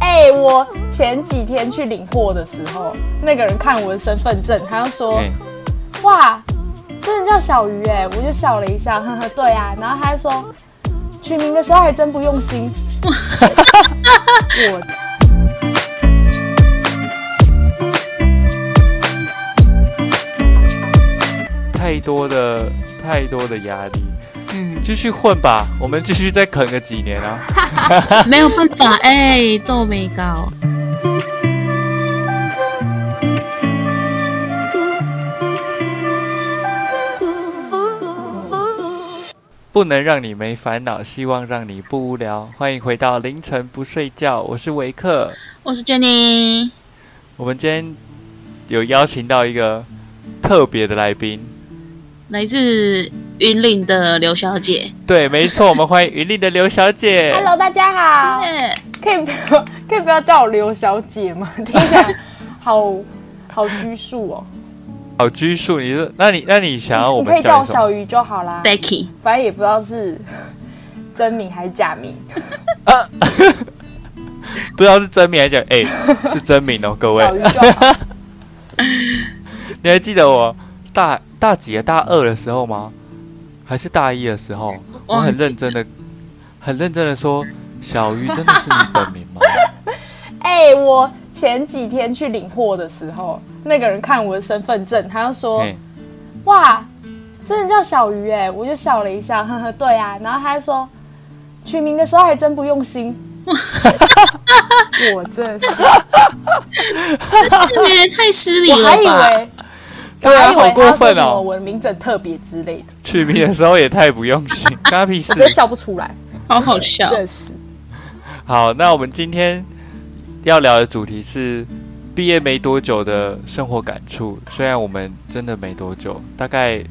哎，我前幾天去領貨的時候，那個人看我的身份證，他就說：“欸、哇，真的叫小瑜哎、欸！”我就笑了一下，呵呵。對啊，然後他就說：“取名的時候還真不用心。 ”我。太多的太多的壓力，嗯，繼續混吧，我們繼續再啃個幾年啊！ 沒有辦法，哎、 欸，做沒搞。不能讓你沒煩惱，希望讓你不無聊。歡迎回到凌晨不睡覺，我是維克，我是 Jenny。我們今天有邀請到一個特別的來賓。來自雲林的劉小姐，對，沒錯，我們歡迎雲林的劉小姐。 Hello，大家好，yeah. 可以不要可以不要叫我劉小姐嗎？聽起來好好拘束哦，好拘束。你說，那你那你想要我們叫你，你可以叫我小瑜就好啦。Becky 反正也不知道是真名還是假名。 不知道是真名還是假名？哎、欸，是真名哦，各位。 就 你還記得我大？大幾？大二的時候嗎？還是大一的時候？我很認真的，很認真的說，小魚真的是你本名嗎？哎、 欸，我前幾天去領貨的時候，那個人看我的身份證，他就說、欸：“哇，真的叫小魚、欸？”哎，我就笑了一下，呵呵，對啊。然後他就說，取名的時候還真不用心。 我真的是， 是你太失禮了吧。對啊，好過分哦！我的名字很特別之類的，取名的時候也太不用心。關他屁事，我真的笑不出來，好好笑， ，好，那我們今天要聊的主題是畢業沒多久的生活感觸。雖然我們真的沒多久，大概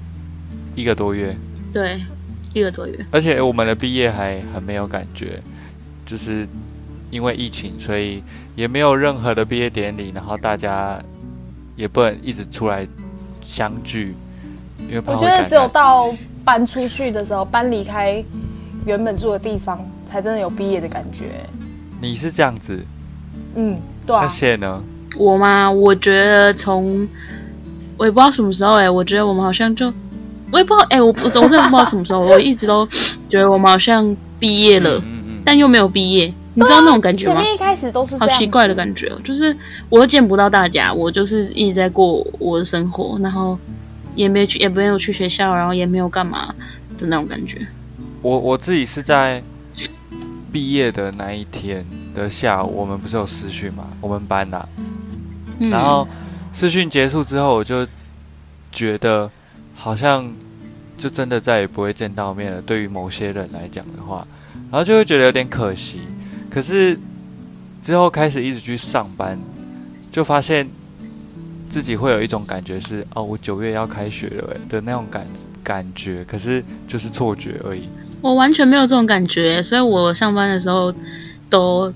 一個多月，對，一個多月。而且我們的畢業還很沒有感覺，就是因為疫情，所以也沒有任何的畢業典禮。然後大家也不能一直出來。相聚，我覺得只有到搬出去的時候，搬離開原本住的地方，才真的有畢業的感覺欸。你是這樣子，嗯，對啊。那些呢？我嗎？我覺得從我也不知道什麼時候哎、欸，我覺得我們好像就我也不知道哎、欸，我我總是不知道什麼時候，我一直都覺得我們好像畢業了， 但又沒有畢業。你知道那種感覺嗎？啊、前面一開始都是好奇怪的感覺，就是我都見不到大家，我就是一直在過我的生活，然後也沒去，也沒有去學校，然後也沒有幹嘛的那種感覺。我我自己是在畢業的那一天的下午，我們不是有私訊嘛，我們班的、啊嗯，然後私訊結束之後，我就覺得好像就真的再也不會見到面了。對於某些人來講的話，然後就會覺得有點可惜。可是之後開始一直去上班，就發現自己會有一種感覺是哦、啊，我九月要開學了的那種感感覺，可是就是錯覺而已。我完全沒有這種感覺，所以我上班的時候都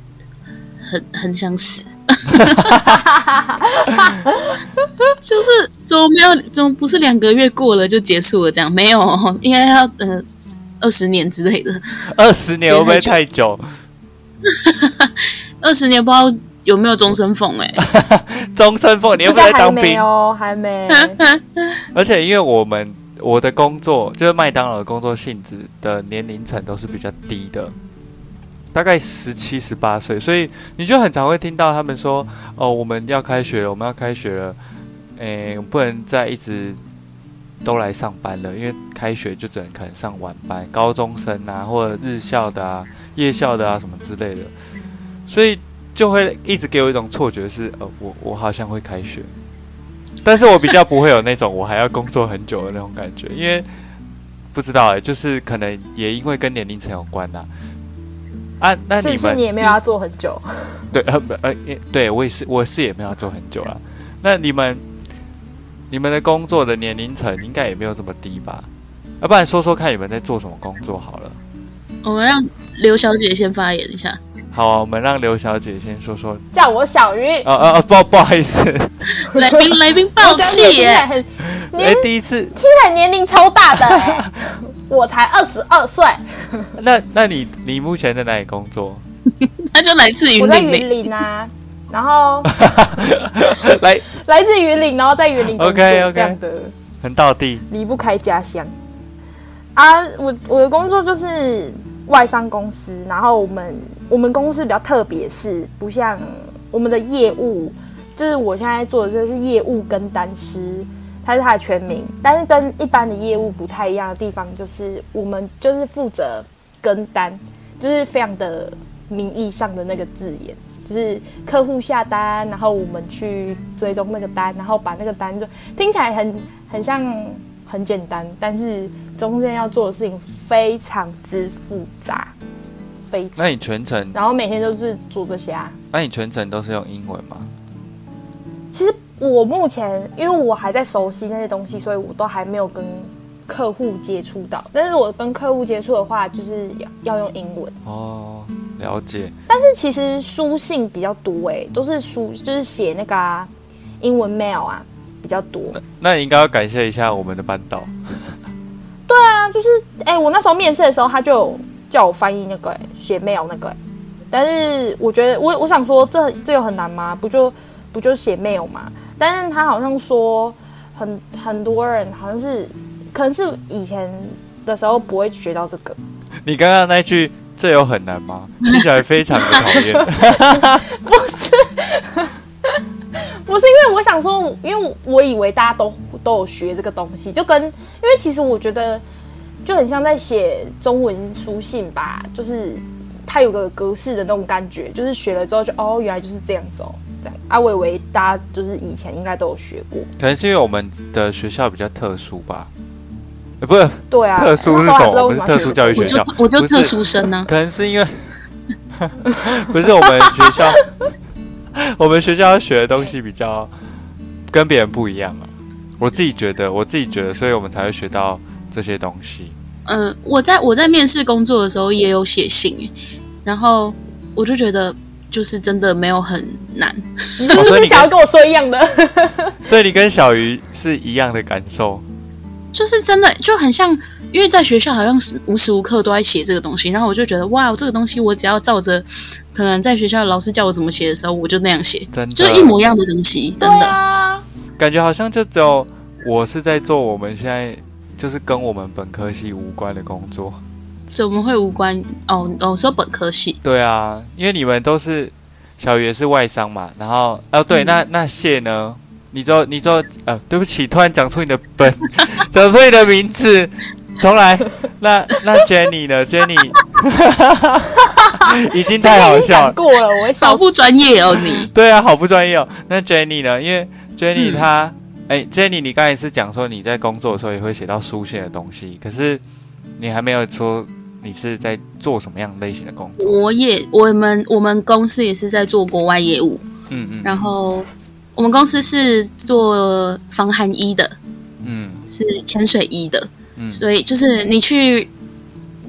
很很想死， 就是怎麼沒有，怎麼不是兩個月過了就結束了這樣？沒有，應該要等二十年之類的。二十年會不會太久？ 二十年不知道有沒有終身俸，哎，終身俸你又不在當兵，還沒哦，還沒 。而且因為我們我的工作就是麥當勞的工作性質的年齡層都是比較低的，嗯、大概十七十八歲，所以你就很常會聽到他們說哦、呃，我們要開學了，我們要開學了，哎、呃，不能再一直都來上班了，因為開學就只能可能上晚班，高中生啊，或者日校的啊。夜校的啊，什麼之類的，所以就會一直給我一種錯覺是，是呃，我我好像會開學，但是我比較不會有那種我還要工作很久的那種感覺，因為不知道哎、欸，就是可能也因為跟年齡層有關吶、啊。啊，那你是不是你也沒有要做很久？對，呃呃、欸、對，我也是，我是也沒有要做很久了、啊。那你們你們的工作的年齡層應該也沒有這麼低吧？要、啊、不然說說看，你們在做什麼工作好了？我們讓。劉小姐先發言一下。好、啊，我們讓劉小姐先說說。叫我小瑜。啊啊啊，不、啊、不好意思。來賓來賓抱歉。劉、欸、第一次聽起來年齡超大的、欸， 我才二十二歲。 那那你你目前在哪裡工作？那 就來自於我在雲林啊。 然後 來 來自雲林，然後在雲林工作 OK OK，這樣的很道地，離不開家鄉。 道地 啊，我我的工作就是。外商公司，然後我們我們公司比較特別是，是不像我們的業務，就是我現在做的就是業務跟單師，他是他的全名。但是跟一般的業務不太一樣的地方，就是我們就是負責跟單，就是非常的名義上的那個字眼，就是客戶下單，然後我們去追蹤那個單，然後把那個單就聽起來很很像。很簡單，但是中間要做的事情非常之複雜。非常。那你全程。然後每天都是做這些。啊？那你全程都是用英文嗎？其實我目前，因為我還在熟悉那些東西，所以我都還沒有跟客戶接觸到。但是，我跟客戶接觸的話，就是要要用英文。哦，了解。但是其實書信比較多哎，都是書，就是寫那個、啊、英文 mail 啊。比較多，那，那你應該要感謝一下我們的班導。 對啊，就是哎、欸，我那時候面試的時候，他就叫我翻譯那個哎、欸、寫 mail 那個、欸，但是我覺得我我想說這這有很難嗎？不就不就寫 mail 嗎？但是他好像說很很多人好像是可能是以前的時候不會學到這個。你剛剛那句“這有很難嗎？” 聽起來非常的討厭。 不是因為我想說，因為我以為大家都都有學這個東西，就跟因為其實我覺得就很像在寫中文書信吧，就是它有個格式的那種感覺，就是學了之後就哦，原來就是這樣子。這樣啊，我以為大家就是以前應該都有學過。可能是因為我們的學校比較特殊吧？欸、不是？對啊，特殊是種，我們是特殊教育學校，我就，我就特殊生呢、啊。可能是因為不是我們學校。 我們學校要學的東西比較跟別人不一樣啊，我自己覺得，我自己覺得，所以我們才會學到這些東西。呃，我在我在面試工作的時候也有寫信，然後我就覺得就是真的沒有很難。哦、 你，你就是想要跟我說一樣的， 所以你跟小瑜是一樣的感受。就是真的就很像，因為在學校好像是無時無刻都在寫這個東西，然後我就覺得哇，這個東西我只要照着，可能在學校老師叫我怎麼寫的時候，我就那樣寫，真的，就一模一樣的東西，真的、啊。感覺好像就只有我是在做我們現在就是跟我們本科系無關的工作，怎麼會無關？哦，哦，說本科系，對啊，因為你們都是小瑜是外商嘛，然後哦對，嗯、那那謝呢？你做你做呃，對不起，突然講出你的本，講 出你的名字，重來。那那 Jenny 呢？Jenny 已經太好笑了，這個、過了我會好不專業哦，你 對啊，好不專業哦。那 Jenny 呢？因為 Jenny、嗯、她哎、欸、，Jenny，你剛才是講說你在工作的時候也會寫到書寫的東西，可是你還沒有說你是在做什麼樣類型的工作。我也，我們我們公司也是在做國外業務，嗯嗯，然後。我們公司是做防寒衣的，嗯，是潛水衣的，嗯，所以就是你去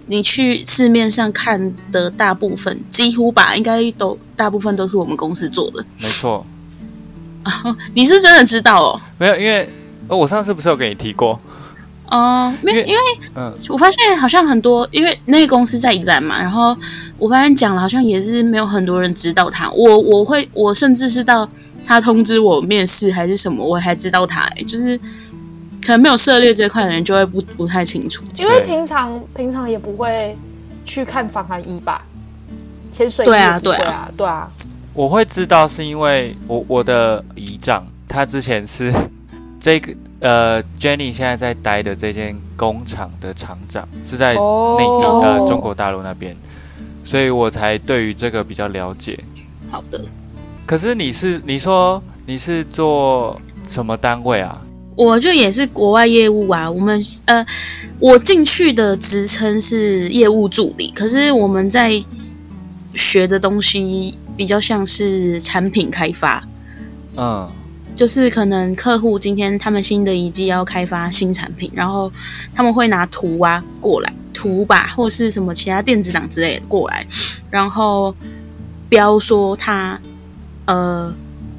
你去市面上看的大部分，幾乎吧，應該都大部分都是我們公司做的。沒錯，啊，你是，是真的知道哦？沒有，因為，哦，我上次不是有跟你提過？哦，沒有，因為嗯，呃，我發現好像很多，因為那個公司在宜蘭嘛，然後我發現講了，好像也是沒有很多人知道他。我我會我甚至是到。他通知我面試還是什麼，我還知道他、欸，就是可能沒有涉獵這塊的人就會不不太清楚，因為平常平常也不會去看防寒衣吧，潛水啊對啊對啊對啊，我會知道是因為我我的姨丈他之前是這個呃 Jenny 現在在待的這間工廠的廠長是在那個、oh. 呃、中國大陸那邊，所以我才對於這個比較了解。好的。可是你是你說你是做什麼單位啊？我就也是國外業務啊。我們呃，我進去的職稱是業務助理。可是我們在學的東西比較像是產品開發。嗯，就是可能客戶今天他們新的一季要開發新產品，然後他們會拿圖啊過來，圖吧，或是什麼其他電子檔之類的過來，然後標說他。呃，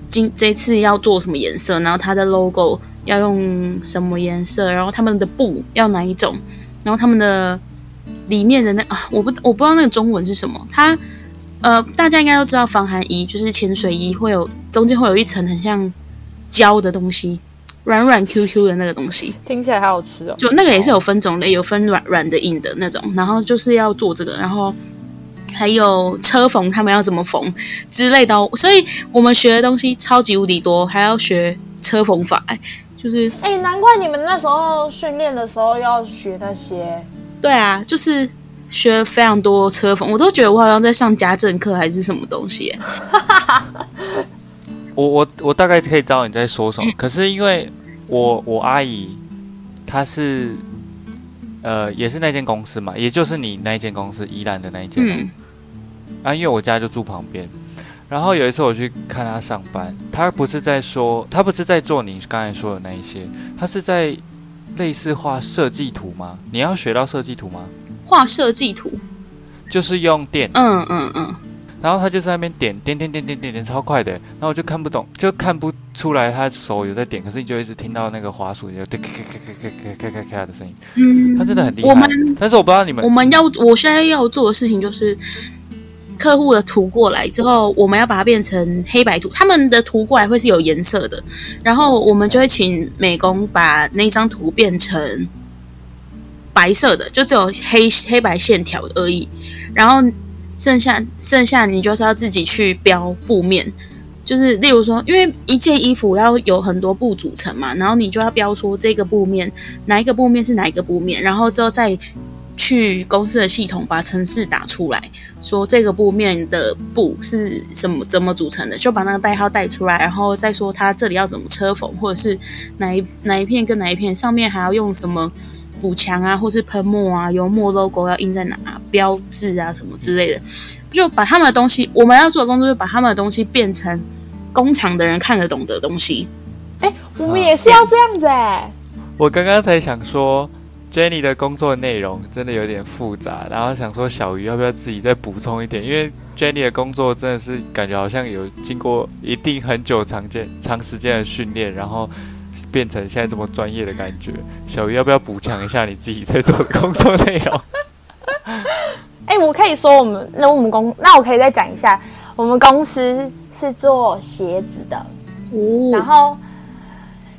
今這次要做什麼顏色？然後它的 logo 要用什麼顏色？然後他們的布要哪一種？然後他們的裡面的那啊，我不我不知道那個中文是什麼？它呃，大家應該都知道防寒衣就是潛水衣，會有中間會有一層很像膠的東西，軟軟 QQ 的那個東西。聽起來好好吃哦！就那個也是有分種類，有分軟軟的、硬的那種。然後就是要做這個，然後。還有車縫，他們要怎麼縫之類的，所以我們學的東西超級無敵多，還要學車縫法、欸，就是……哎、欸，難怪你們那時候訓練的時候要學那些。對啊，就是學非常多車縫，我都覺得我好像在上家政課還是什麼東西、欸 我。我我我大概可以知道你在說什麼，可是因為我我阿姨她是呃也是那間公司嘛，也就是你那一間公司宜蘭的那一間。嗯啊，因為我家就住旁邊，然後有一次我去看他上班，他不是在說，他不是在做你剛才說的那一些，他是在類似畫設計圖嗎？你要學到設計圖嗎？畫設計圖，就是用電，嗯嗯嗯，然後他就在那邊點點點點點點超快的，那我就看不懂，就看不出來他手有在點，可是你就一直聽到那個滑鼠有咔咔咔咔咔咔咔咔的聲音，嗯，他真的很厲害，我們，但是我不知道你們，我們要我現在要做的事情就是。客戶的圖過來之後，我們要把它變成黑白圖。他們的圖過來會是有顏色的，然後我們就會請美工把那張圖變成白色的，就只有黑黑白線條而已。然後剩下剩下你就是要自己去標布面，就是例如說，因為一件衣服要有很多布組成嘛，然後你就要標出這個布面哪一個布面是哪一個布面，然後之後再。去公司的系統把程式打出來，說這個布面的布是什麼怎麼組成的，就把那個代號帶出來，然後再說它這裡要怎麼車縫，或者是哪一哪一片跟哪一片上面還要用什麼補強啊，或是噴墨啊，油墨 logo 要印在哪，標誌啊什麼之類的，就把他們的東西，我們要做的工作就是把他們的東西變成工廠的人看得懂的東西。哎，我們也是要這樣子哎、啊。我剛剛才想說。Jenny 的工作內容真的有點複雜，然後想說小瑜要不要自己再補充一點？因為 Jenny 的工作真的是感覺好像有經過一定很久長、長間長時間的訓練，然後變成現在這麼專業的感覺。小瑜要不要補強一下你自己在做的工作內容？哎、 欸，我可以說我們那我們公那我可以再講一下，我們公司是做鞋子的，哦、然後。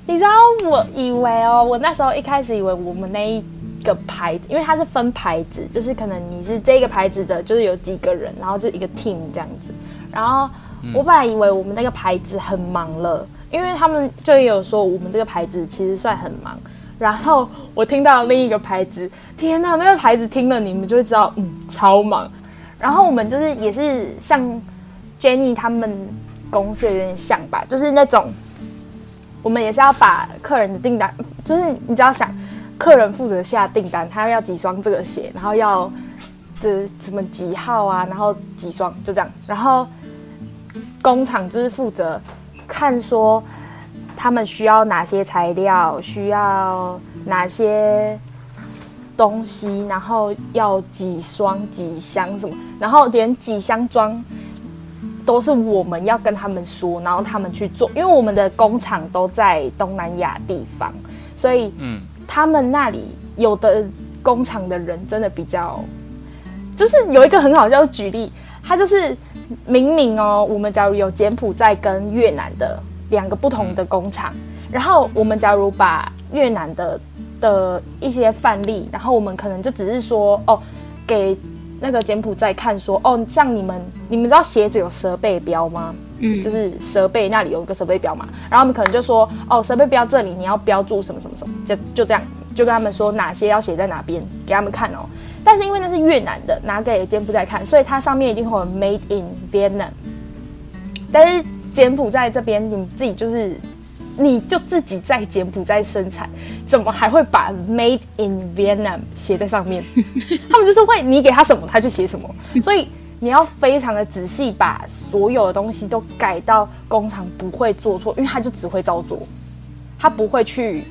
你知道，我以為哦，我那時候一開始以為我們那一個牌子，因為它是分牌子，就是可能你是這個牌子的，就是有幾個人，然後就一個 team 這樣子。然後我本來以為我們那個牌子很忙了，因為他們就有說我們這個牌子其實算很忙。然後我聽到另一個牌子，天吶，那個牌子聽了你們就會知道，嗯，超忙。然後我們就是也是像 Jenny 他們公司有點像吧，就是那種。我們也是要把客人的訂單，就是你只要想，客人負責下訂單，他要幾雙這個鞋，然後要這什麼幾號啊，然後幾雙就這樣，然後工廠就是負責看說他們需要哪些材料，需要哪些東西，然後要幾雙、幾箱什麼，然後連幾箱裝。都是我們要跟他們說，然後他們去做，因為我們的工廠都在東南亞地方，所以嗯，他們那裡有的工廠的人真的比較，就是有一個很好笑的舉例，他就是明明哦，我們假如有柬埔寨跟越南的兩個不同的工廠，嗯，然後我們假如把越南的的一些範例，然後我們可能就只是說哦，給。那個柬埔寨看說，哦，像你們，你們知道鞋子有蛇背標嗎？嗯，就是蛇背那裡有一個蛇背標嘛。然後他們可能就說，哦，蛇背標這裡你要標注什麼什麼什麼，就就這樣，就跟他們說哪些要寫在哪邊給他們看哦。但是因為那是越南的，拿給柬埔寨看，所以它上面一定會有 Made in Vietnam。但是柬埔寨這邊你自己就是。你就自己在柬埔寨生產，怎麼還會把 Made in Vietnam 寫在上面？ 他們就是會你給他什麼，他就寫什麼。所以你要非常的仔細，把所有的東西都改到工廠不會做錯，因為他就只會照做，他不會去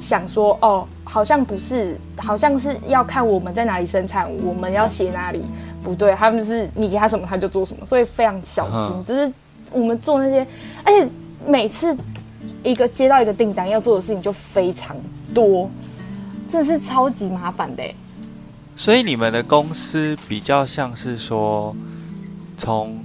想說哦，好像不是，好像是要看我們在哪裡生產，我們要寫哪裡不對。他們就是你給他什麼，他就做什麼，所以非常小心。只、嗯就是我們做那些，而且每次。一個接到一個訂單要做的事情就非常多，真的是超級麻煩的欸。所以你們的公司比較像是說，從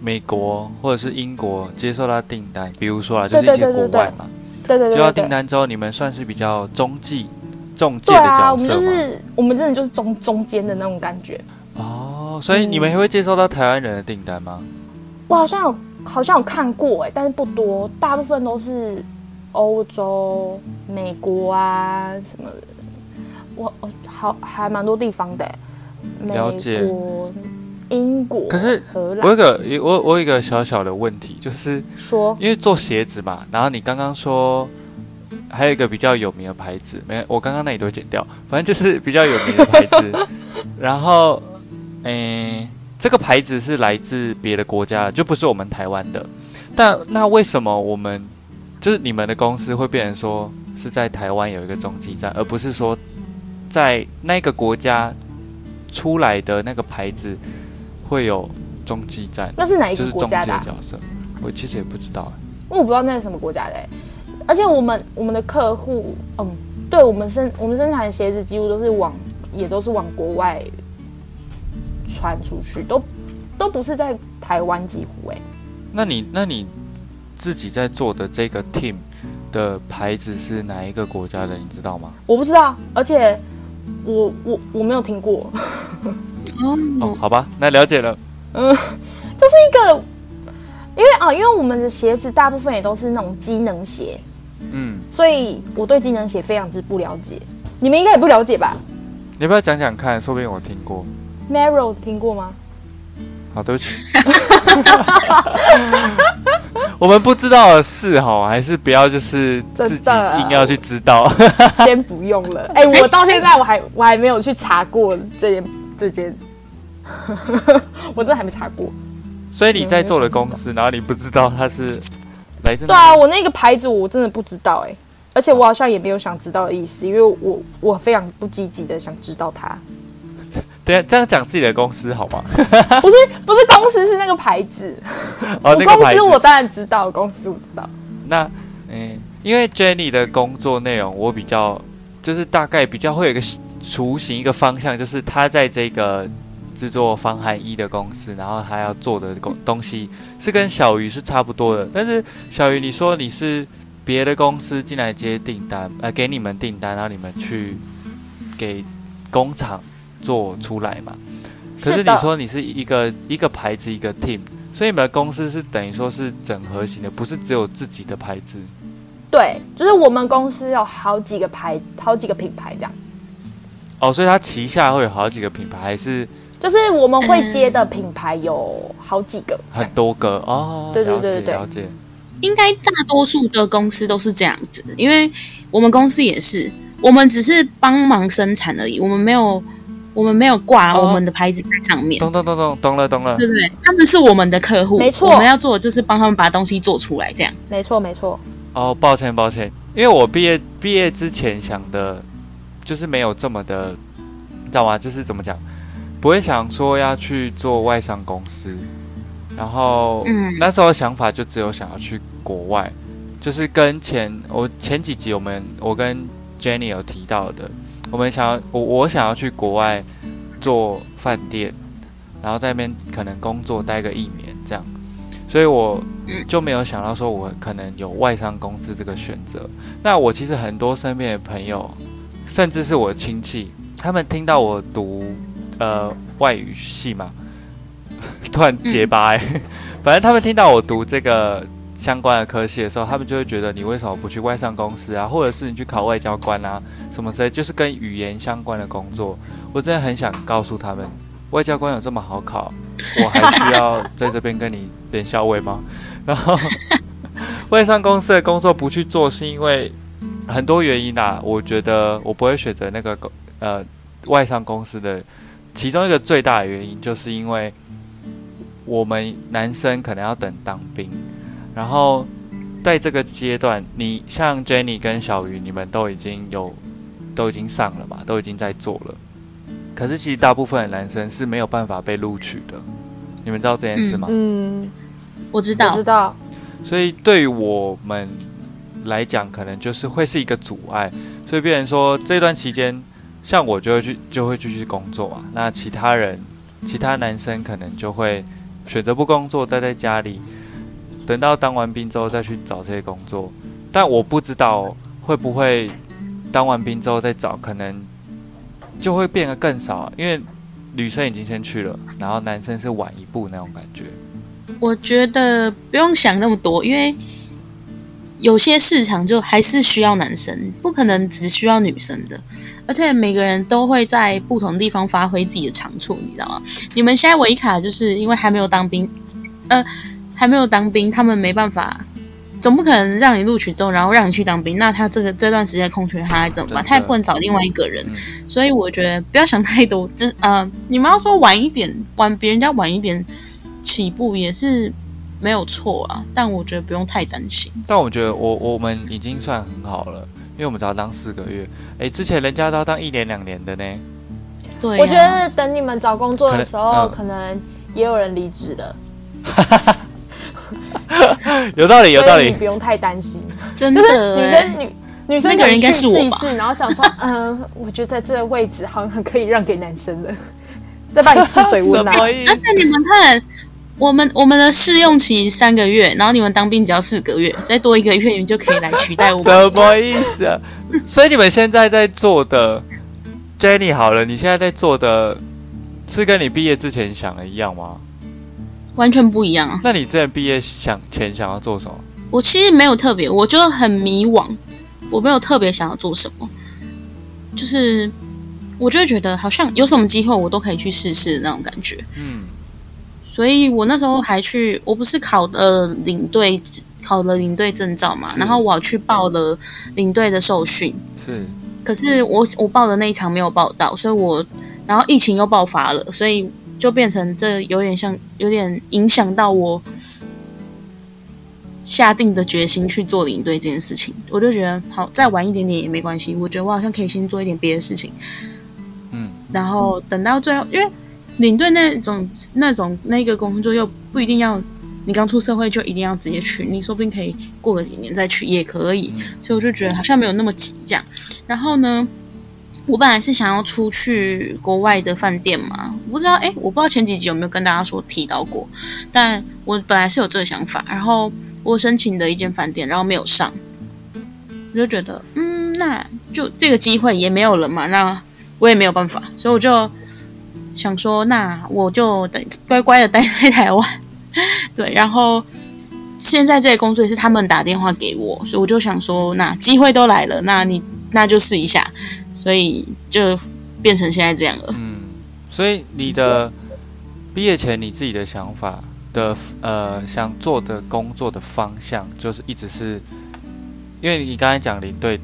美國或者是英國接受到訂單，比如說啊，就是一些國外嘛。對對對對對。接到訂單之後，你們算是比較中繼、中介的角色嗎？對啊，我們就是我們真的就是中中間的那種感覺。哦，所以你們還會接收到台灣人的訂單嗎？嗯。我好像。好像有看過哎、欸，但是不多，大部分都是歐洲、美國啊什麼的，我我好還蠻多地方的、欸美國。了解。英國。荷蘭。可是，我有個我我有一個小小的問題就是說，因為做鞋子嘛，然後你剛剛說還有一個比較有名的牌子，沒我剛剛那裡都剪掉，反正就是比較有名的牌子， 然後，嗯、欸。這個牌子是來自別的國家，就不是我們台灣的。但那，那為什麼我們就是你們的公司會變成說是在台灣有一個中繼站，而不是說在那個國家出來的那個牌子會有中繼站？那是哪一個國家的、啊就是、的角色？我其實也不知道，因為我不知道那是什麼國家嘞、欸。而且我們我們的客戶，嗯，對我們生我們生產的鞋子幾乎都是往也都是往國外。穿出去都，都不是在台灣，幾乎哎。那你那你自己在做的這個 team 的牌子是哪一個國家的？你知道嗎？我不知道，而且我我我沒有聽過、 嗯嗯。哦，好吧，那了解了。嗯，這是一個，因為啊，因為我們的鞋子大部分也都是那種機能鞋，嗯，所以我對機能鞋非常之不了解。你們應該也不了解吧？你要不要講講看，說不定我聽過。n a r o 聽過嗎？好、oh，對不起。 我們不知道的事，哈，還是不要，就是自己硬要去知道。啊、先不用了。哎、 欸，我到現在我還我還沒有去查過這件這件， 我真的還沒查過。所以你在做的公司，嗯、然後你不知道它是來自哪裡？對啊，我那個牌子，我真的不知道哎、欸，而且我好像也沒有想知道的意思，因為我我非常不積極的想知道它。這樣講自己的公司好嗎？ 不是，不是公司，是那個牌子。 哦、那個牌子公司我當然知道，公司我知道。那、嗯、欸，因為 Jenny 的工作內容我比較，就是大概比較會有一個雛形，行一個方向，就是他在這個製作防寒衣的公司，然後他要做的工東西是跟小魚是差不多的。但是小魚，你說你是別的公司進來接訂單，呃，給你們訂單，然後你們去給工廠，做出來嘛？可是你說你是一個是一個牌子一個 team，所以你們的公司是等於說是整合型的，不是只有自己的牌子。對，就是我們公司有好幾個牌，好幾個品牌這樣。哦，所以它旗下會有好幾個品牌，還是？就是我們會接的品牌有好幾個、嗯，很多個哦。對對對對對，了解。了解。應該大多數的公司都是這樣子，因為我們公司也是，我們只是幫忙生產而已，我們沒有。我們沒有掛我們的牌子在上面。哦、懂懂懂懂懂了懂了。對不對？他們是我們的客戶，沒錯。我們要做的就是幫他們把東西做出來，這樣。沒錯沒錯。哦、Oh，抱歉抱歉，因為我畢業畢業之前想的，就是沒有這麼的，你知道嗎？就是怎麼講，不會想說要去做外商公司。然後、嗯、那時候想法就只有想要去國外，就是跟前我前幾集我們我跟 Jenny 有提到的。我們想要，我我想要去國外做飯店，然後在那邊可能工作待個一年這樣，所以我就沒有想到說，我可能有外商公司這個選擇。那我其實很多身邊的朋友，甚至是我親戚，他們聽到我讀呃外語系嘛，突 然結巴哎、欸，反正他們聽到我讀這個。相關的科系的時候，他們就會覺得，你為什麼不去外商公司啊，或者是你去考外交官啊，什麼之類，就是跟語言相關的工作。我真的很想告訴他們，外交官有這麼好考？我還需要在這邊跟你練肖話嗎？然後外商公司的工作不去做，是因為很多原因吶、啊。我覺得我不會選擇那個公呃外商公司的，其中一個最大的原因，就是因為我們男生可能要等當兵。然後，在這個階段，你像 Jenny 跟小瑜，你們都已經有，都已經上了嘛，都已經在做了。可是，其實大部分的男生是沒有辦法被錄取的。你們知道這件事嗎？嗯，嗯，我知道，知道。所以，對於我們來講，可能就是會是一個阻礙。所以，變成說這段期間，像我就會去，就會繼續工作嘛。那其他人，其他男生可能就會選擇不工作，待在家裡。等到當完兵之後再去找這些工作，但我不知道會不會當完兵之後再找，可能就會變得更少，因為女生已經先去了，然後男生是晚一步那種感覺。我覺得不用想那麼多，因為有些市場就還是需要男生，不可能只需要女生的。而且每個人都會在不同地方發揮自己的長處，你知道嗎？你們現在維卡就是因為還沒有當兵，呃。還沒有當兵，他們沒辦法，總不可能讓你錄取之後，然後讓你去當兵。那他這個這段時間空缺他還怎麼辦？嗯、他也不能找另外一個人、嗯嗯。所以我覺得不要想太多，這呃，你們要說晚一點，晚別人家晚一點起步也是沒有錯啊。但我覺得不用太擔心。但我覺得我我們已經算很好了，因為我們只要當四個月，哎、欸，之前人家都要當一年兩年的呢。對、啊，我覺得等你們找工作的時候，可能、呃、可能也有人離職的。 有道理，有道理，你不用太擔心。真的，女生、欸、女女生女試試那個人應該是我吧？然後想說，嗯、 呃，我覺得這個位置好像很可以讓給男生了。再把你試水， 什麼意思？而、啊、且你們看，我們我們的試用期三個月，然後你們當兵只要四個月，再多一個月，你們就可以來取代我。 什麼意思、啊？所以你們現在在做的 ，Jenny，好了，你現在在做的，是跟你畢業之前想的一樣嗎？完全不一樣啊！那你之前畢業想前想要做什麼？我其實沒有特別，我就很迷惘，我沒有特別想要做什麼，就是我就覺得好像有什麼機會我都可以去試試的那種感覺。嗯，所以我那時候還去，我不是考了領隊，考了領隊證照嘛，然後我去報了領隊的受訓。是，可是我我報的那一場沒有報到，所以我然後疫情又爆發了，所以。就變成這有點像，有點影響到我下定的決心去做領隊這件事情。我就覺得，好，再晚一點點也沒關係。我覺得我好像可以先做一點別的事情，嗯，然後等到最後，因為領隊那種、那種那個工作又不一定要你剛出社會就一定要直接去，你說不定可以過個幾年再去也可以，嗯。所以我就覺得好像沒有那麼急，這樣。然後呢？我本來是想要出去國外的飯店嘛，我不知道，誒，我不知道前幾集有沒有跟大家說提到過，但我本來是有這個想法，然後我申請的一間飯店，然後沒有上，我就覺得，嗯，那就這個機會也沒有了嘛，那我也沒有辦法，所以我就想說，那我就得乖乖的待在台灣， 對，然後現在這個工作也是他們打電話給我，所以我就想說，那機會都來了，那你那就試一下。所以就變成現在這樣了。嗯，所以你的畢業前你自己的想法的呃，想做的工作的方向就是一直是，因為你剛才講領隊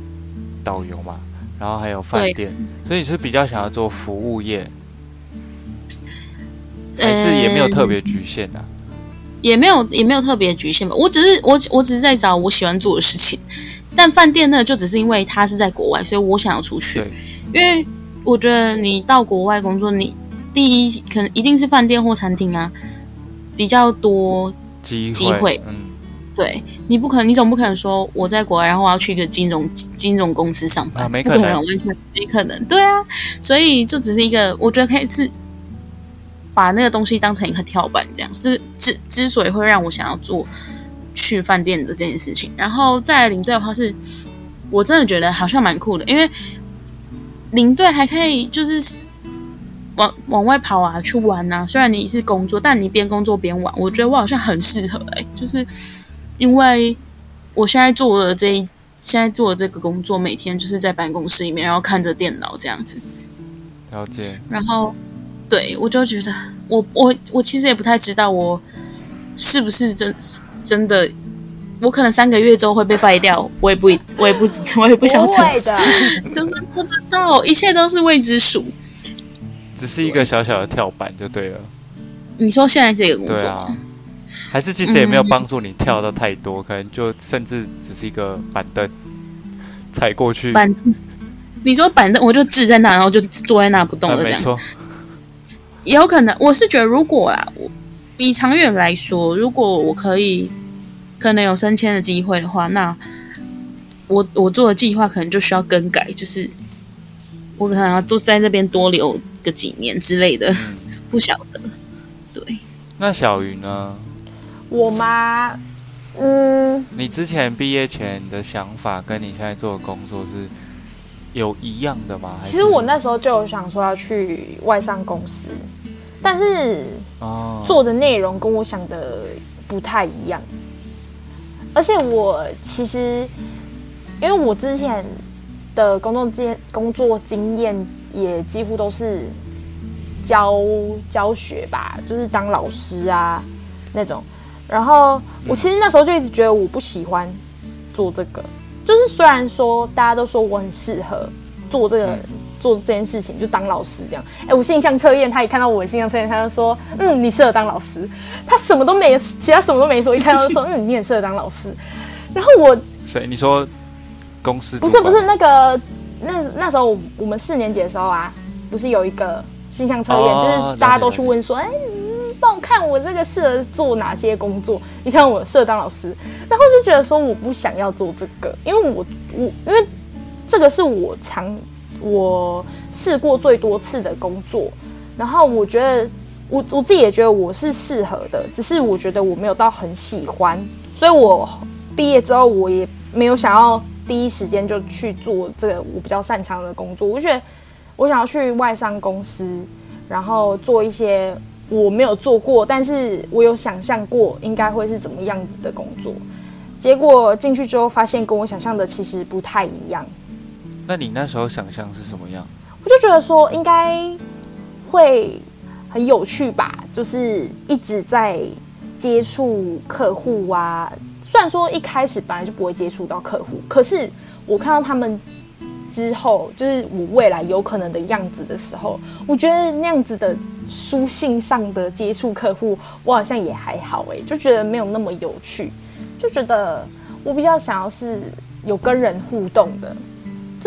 導遊嘛，然後還有飯店，所以你是比較想要做服務業，還是也沒有特別局限的啊？嗯，也沒有，也沒有特別局限吧。我只是我我只是在找我喜歡做的事情。但飯店呢，就只是因為他是在國外，所以我想要出去，因為我覺得你到國外工作，你第一可能一定是飯店或餐廳啊，比較多機會，會、嗯。對，你不可能，你總不可能說我在國外，然後我要去一個金融金融公司上班、啊，不可能，完全沒可能。對啊，所以就只是一個，我覺得可以是把那個東西當成一個跳板，這樣，就是、之之所以會讓我想要做。去飯店的這件事情，然後在領隊的話是，我真的覺得好像蠻酷的，因為領隊還可以就是往往外跑啊，去玩啊。雖然你是工作，但你邊工作邊玩，我覺得我好像很適合哎、欸。就是因為我現在做的這一現在做的這個工作，每天就是在辦公室裡面，然後看着電腦這樣子。了解。然後，對我就覺得我我我其實也不太知道我是不是真。真的，我可能三個月之後會被廢掉，我也不，我也不，我也不曉 會的， 就是不知道，一切都是未知數。只是一個小小的跳板就對了。對，你說現在這個工作對、啊，還是其實也沒有幫助你跳到太多，嗯，可能就甚至只是一個板凳踩過去。板，你說板凳，我就置在那，然後就坐在那不動了這樣，嗯，沒錯。有可能，我是覺得如果啊，我。以長遠來說，如果我可以，可能有升遷的機會的話，那我我做的計劃可能就需要更改，就是我可能要坐在那邊多留個幾年之類的，不曉得。對。那小瑜呢？我嗎？嗯。你之前畢業前的想法跟你現在做的工作是有一樣的嗎？還是？其實我那時候就有想說要去外商公司，但是。做的內容跟我想的不太一樣，而且我其實，因為我之前的工作經工作經驗也幾乎都是教教學吧，就是當老師啊那種。然後我其實那時候就一直覺得我不喜歡做這個，就是雖然說大家都說我很適合做這個。做這件事情就當老師這樣，哎、欸，我性向測驗，他一看到我的性向測驗，他就說：“嗯，你適合當老師。”他什麼都沒，其他什麼都沒說，一看到就說：“嗯，你也適合當老師。”然後我誰你說公司不是不是那個那那時候我我們四年級的時候啊，不是有一個性向測驗，就是大家都去問說：“哎、啊，幫、欸、我看我這個適合做哪些工作？”你看我適合當老師，然後就覺得說我不想要做這個，因為我我因為這個是我常。我試過最多次的工作，然後我覺得我我自己也覺得我是適合的，只是我覺得我沒有到很喜歡，所以我畢業之後，我也沒有想要第一時間就去做這個我比較擅長的工作。我覺得我想要去外商公司，然後做一些我沒有做過，但是我有想象過應該會是怎麼樣子的工作。結果進去之後，發現跟我想象的其實不太一樣。那你那時候想象是什麼樣？我就覺得說應該會很有趣吧，就是一直在接觸客戶啊。雖然說一開始本來就不會接觸到客戶，可是我看到他們之後，就是我未來有可能的樣子的時候，我覺得那樣子的書信上的接觸客戶，我好像也還好哎、欸，就覺得沒有那麼有趣，就覺得我比較想要是有跟人互動的。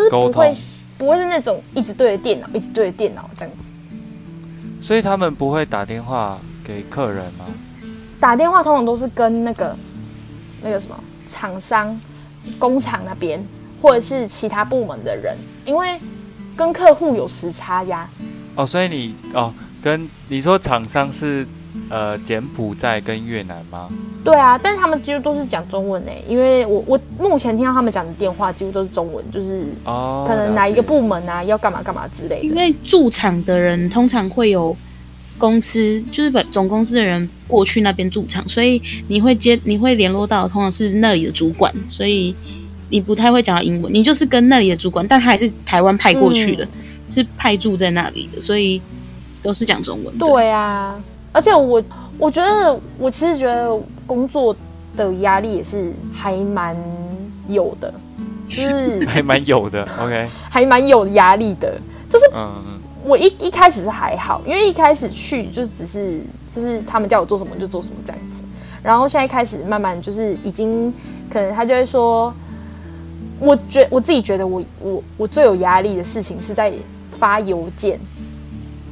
就是不會，不會是那種一直對着電腦，一直對着電腦這樣子。所以他們不會打電話給客人嗎？打電話通常都是跟那個、嗯、那個什麼廠商、工廠那邊，或者是其他部門的人，因為跟客戶有時差呀。哦，所以你哦，跟你說廠商是。呃，柬埔寨跟越南嗎？對啊，但是他們幾乎都是講中文誒、欸，因為我我目前聽到他們講的電話幾乎都是中文，就是哦，可能哪一個部門啊，哦、要幹嘛幹嘛之類。因為駐場的人通常會有公司，就是本總公司的人過去那邊駐場，所以你會接，你會聯絡到通常是那裡的主管，所以你不太會講到英文，你就是跟那裡的主管，但他還是台灣派過去的，嗯、是派駐在那裡的，所以都是講中文。對啊。而且我，我覺得我其實覺得工作的壓力也是還蠻有的，就是還蠻有的，OK，還蠻有壓力的。就是，嗯，我一一開始是還好，因為一開始去就是只是就是他們叫我做什麼就做什麼這樣子，然後現在開始慢慢就是已經可能他就會說，我覺我自己覺得我我我最有壓力的事情是在發郵件。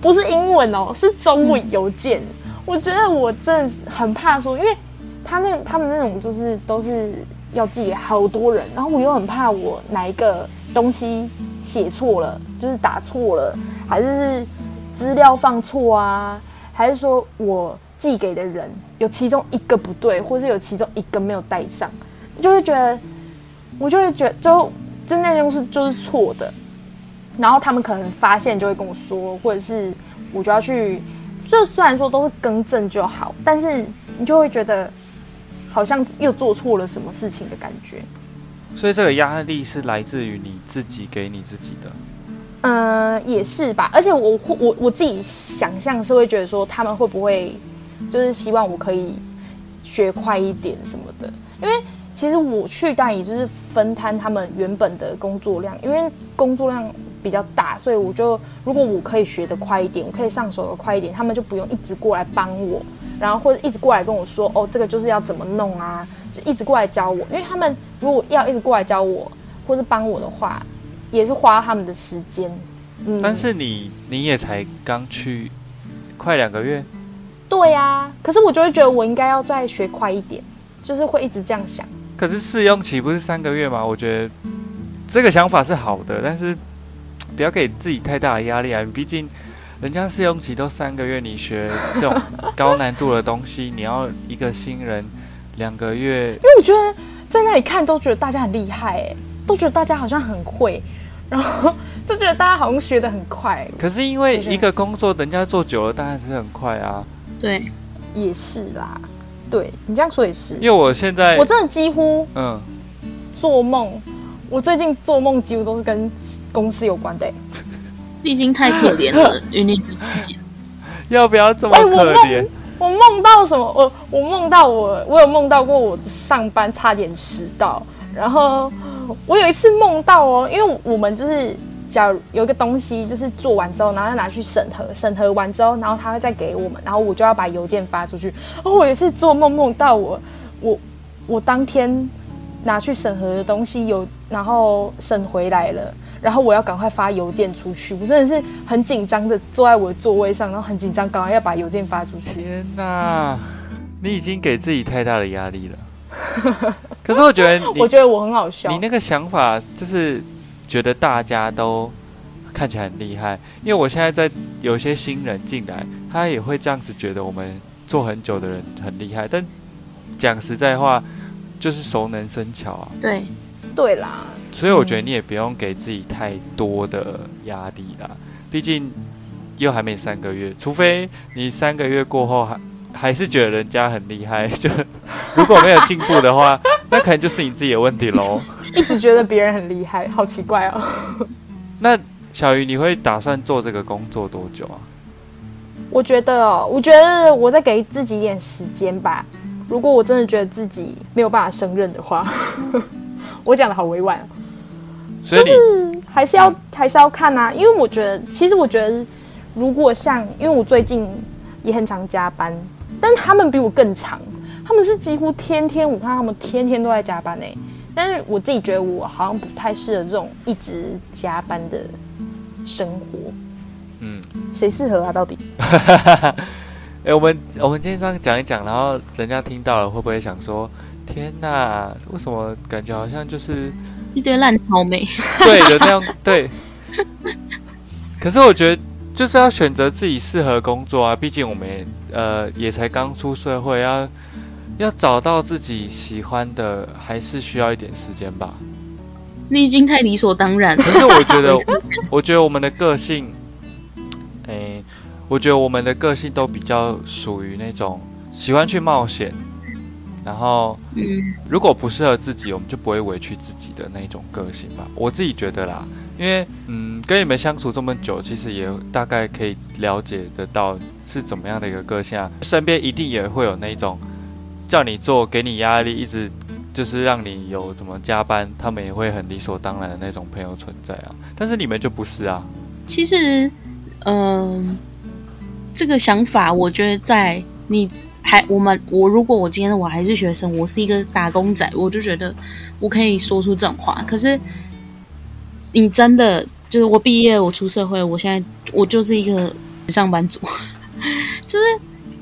不是英文哦，是中文郵件。嗯。我覺得我真的很怕說，因為他那個，他們那種就是都是要寄給好多人，然後我又很怕我哪一個東西寫錯了，就是打錯了，還是是資料放錯啊，還是說我寄給的人有其中一個不對，或是有其中一個沒有帶上，就會覺得我就會覺得就就那種事就是錯的。然後他們可能發現就會跟我說，或者是我就要去，就雖然說都是更正就好，但是你就會覺得好像又做錯了什麼事情的感覺。所以這個壓力是來自於你自己給你自己的。嗯、呃，也是吧。而且我我我自己想象是會覺得說他們會不會就是希望我可以學快一點什麼的，因為其實我去代理就是分攤他們原本的工作量，因為工作量。比較大，所以我就如果我可以學得快一點，我可以上手得快一點，他們就不用一直過來幫我，然後或者一直過來跟我說，哦，這個就是要怎麼弄啊，就一直過來教我，因為他們如果要一直過來教我或者幫我的話，也是花他們的時間，嗯。但是你你也才剛去快兩個月，對呀、啊，可是我就會覺得我應該要再學快一點，就是會一直這樣想。可是試用期不是三個月嗎？我覺得這個想法是好的，但是。不要給自己太大的壓力啊！畢竟人家試用期都三個月，你學這種高難度的東西， 你要一個新人兩個月。因為我覺得在那裡看都覺得大家很厲害，哎，都覺得大家好像很會，然後都覺得大家好像學得很快。可是因為一個工作，人家做久了，當然是很快啊。對，也是啦。對你這樣說也是。因為我現在我真的幾乎嗯，做夢。我最近做夢幾乎都是跟公司有關的。欸，已經太可憐了，與 你要不要這麼可憐？我夢到什麼？我我夢到我我有夢到過我上班差點遲到，然後我有一次夢到哦、喔，因為我們就是假如有一個東西就是做完之後，然後要拿去審核，審核完之後，然後他會再給我們，然後我就要把郵件發出去。哦，我也是做夢夢到我我我當天。拿去審核的東西有，然後審回來了，然後我要趕快發郵件出去。我真的是很緊張地坐在我的座位上，然後很緊張，趕快要把郵件發出去。天哪，啊嗯，你已經給自己太大的壓力了。 可是我覺得，我覺得我很好笑。你那個想法就是覺得大家都看起來很厲害，因為我現在在有些新人進來，他也會這樣子覺得我們做很久的人很厲害。但講實在話。就是熟能生巧啊！對，對啦。所以我覺得你也不用給自己太多的壓力啦。嗯、畢竟又還沒三個月，除非你三個月過後還還是覺得人家很厲害，就如果沒有進步的話， 那可能就是你自己的問題嘍。一直覺得別人很厲害，好奇怪哦。那小瑜，你會打算做這個工作多久啊？我覺得，我覺得我再給自己一點時間吧。如果我真的覺得自己沒有辦法勝任的話， 我講的好委婉，就是還是要還是要看吶、啊，因為我覺得，其實我覺得，如果像，因為我最近也很常加班，但他們比我更常，他們是幾乎天天，我看他們天天都在加班誒、欸，但是我自己覺得我好像不太適合這種一直加班的生活，嗯，誰適合啊？到底？ 哎、欸，我們我們今天這樣講一講，然後人家聽到了會不會想說：“天哪，為什麼感覺好像就是一堆爛草莓？” 對，就那樣，對。 可是我覺得就是要選擇自己適合工作啊，畢竟我們呃也才剛出社會，要要找到自己喜歡的還是需要一點時間吧。你已經太理所當然了。 可是我覺得我，我覺得我們的個性，哎、欸。我覺得我們的個性都比較屬於那種喜歡去冒險，然後，如果不適合自己，我們就不會委屈自己的那種個性吧。我自己覺得啦，因為嗯，跟你們相處這麼久，其實也大概可以了解得到是怎麼樣的一個個性啊。身邊一定也會有那種叫你做、給你壓力、一直就是讓你有怎麼加班，他們也會很理所當然的那種朋友存在啊。但是你們就不是啊。其實，嗯、呃。這個想法，我覺得在你還我們我如果我今天我還是學生，我是一個打工仔，我就覺得我可以說出這種話。可是你真的就是我畢業，我出社會，我現在我就是一個上班族，就是